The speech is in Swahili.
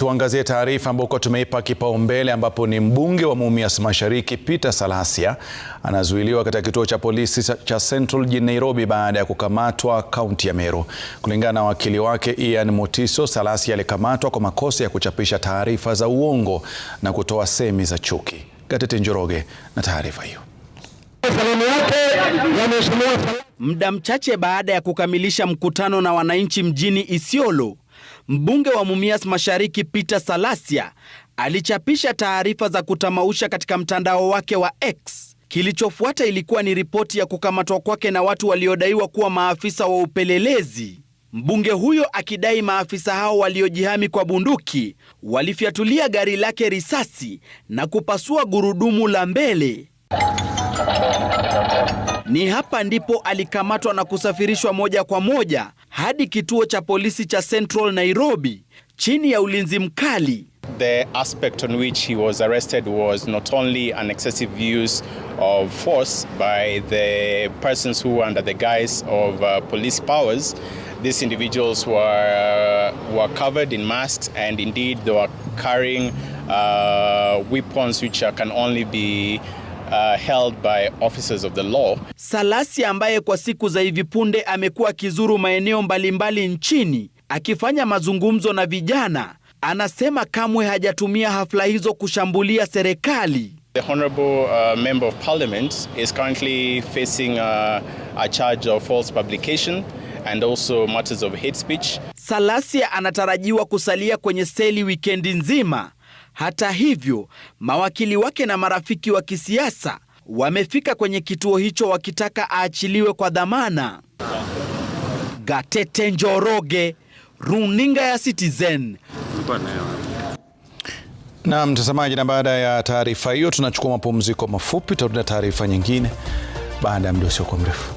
Tuangazie taarifa ambako tumeipa kipaumbele ambapo ni mbunge wa Mumias Mashariki Peter Salasia anazuiliwa katika kituo cha polisi cha Central jijini Nairobi baada ya kukamatwa kaunti ya Meru. Kulingana na wakili wake Ian Motiso, Salasia alikamatwa kwa makosa ya kuchapisha taarifa za uongo na kutoa semi za chuki. Gatete Njoroge na taarifa hiyo. Muda mchache baada ya kukamilisha mkutano na wananchi mjini Isiolo mbunge wa Mumias Mashariki Peter Salasia alichapisha taarifa za kutamausha katika mtandao wake wa X. Kilichofuata ilikuwa ni ripoti ya kukamatwa kwake na watu waliodaiwa kuwa maafisa wa upelelezi, mbunge huyo akidai maafisa hao waliojihami kwa bunduki walifyatulia gari lake risasi na kupasua gurudumu la mbele. Ni hapa ndipo alikamatwa na kusafirishwa moja kwa moja hadi kituo cha polisi cha Central Nairobi chini ya ulinzi mkali. The aspect on which he was arrested was not only an excessive use of force by the persons who were under the guise of uh, police powers. These individuals were, uh, were covered in masks and indeed they were carrying uh, weapons which uh, can only be Uh, held by officers of the law. Salasi ambaye kwa siku za hivi punde amekuwa akizuru maeneo mbalimbali nchini akifanya mazungumzo na vijana anasema kamwe hajatumia hafla hizo kushambulia serikali. The honorable uh, member of parliament is currently facing uh, a charge of false publication and also matters of hate speech. Salasia anatarajiwa kusalia kwenye seli wikendi nzima hata hivyo, mawakili wake na marafiki wa kisiasa wamefika kwenye kituo hicho wakitaka aachiliwe kwa dhamana. Gatete Njoroge, runinga ya Citizen. Na mtazamaji, na baada ya taarifa hiyo tunachukua mapumziko mafupi, tutarudi na taarifa nyingine baada ya muda usiokuwa mrefu.